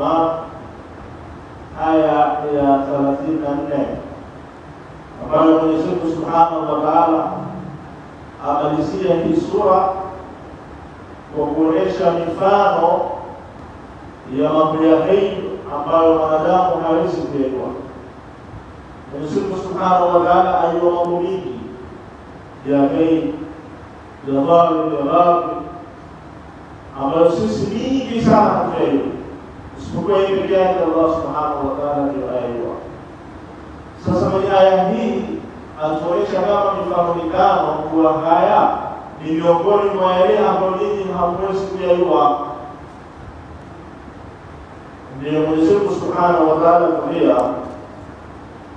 Ijumaa aya ya thelathini na nne ambayo Mwenyezi Mungu Subhanahu wa Ta'ala amalizia hii sura kwa kuonyesha mifano ya mambo ya ghaibu ambayo mwanadamu hawezi kuelewa. Mwenyezi Mungu Subhanahu wa Ta'ala aiwa mambo mingi ya ghaibu ya ghaib ya ghaib ambayo sisi mingi sana hatuelewi Isipokuwa hii pekee Allah subhanahu wa taala ndiyo ayajua. Sasa kwenye aya hii atuonyesha kama mifano mitano kuwa haya ni miongoni mwa yale ambayo ninyi hamwezi kuyajua. Ndiyo Mwenyezi Mungu subhanahu wa taala kuambia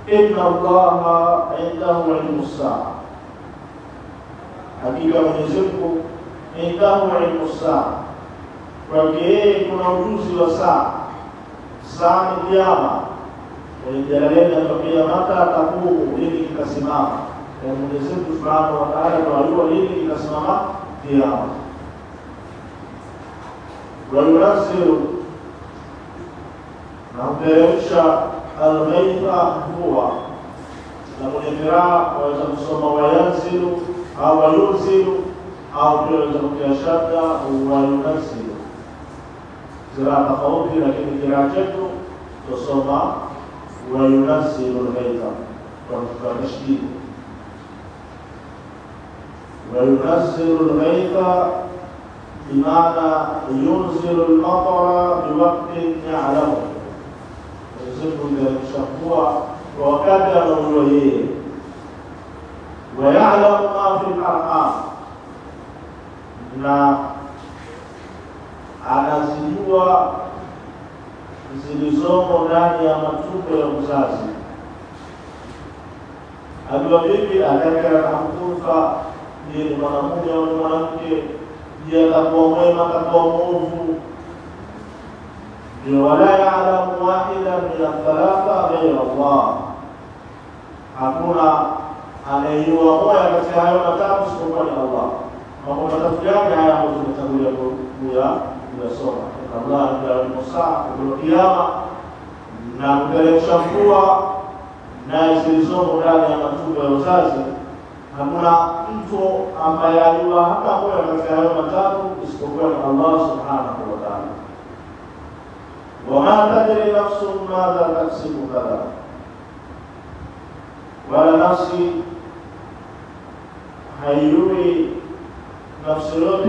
inna Allaha indahu ilmu saa, hakika Mwenyezi Mungu indahu ilmu saa kwake yeye kuna ujuzi wa saa saa ni kiama jalalaini atokea maka takumu hili kitasimama Mwenyezi Mungu subhanahu wa taala hili lini kitasimama kiama wayunasiru na huteremsha alghaitha mvua na mwenye kiraa waweza kusoma wayanziru au wayunziru au pia waweza kutia shadda wayunasiru زراعة خوف لكن دراجته تصنع وينزل الغيث كالتشديد وينزل الغيث بمعنى ينزل المطر بوقت يعلمه ينزله الشقوع وقدر له ويعلم ما في الأرحام na anazijua zilizomo ndani ya matumbo ya mzazi. Ajua vipi na mkufa? Je, ni mwanamume au ni mwanamke? Je, atakuwa mwema, atakuwa mwovu? Ndio, wala yaalamu wahida min athalatha ghaira Allah, hakuna anayejua moya katika hayo matatu isipokuwa ni Allah. Mambo matatu yake haya ambayo tumetangulia kuya tunasoma Allah ndalimusaa ulokiyama na kuteremsha mvua na zilizomo ndani ya matunda ya uzazi. Hakuna mtu ambaye alijua hata moja katika hayo matatu isipokuwa ni Allah subhanahu wa ta'ala. Wama tadri nafsun madha taksibu ghadan, wala nafsi haijui nafsi yote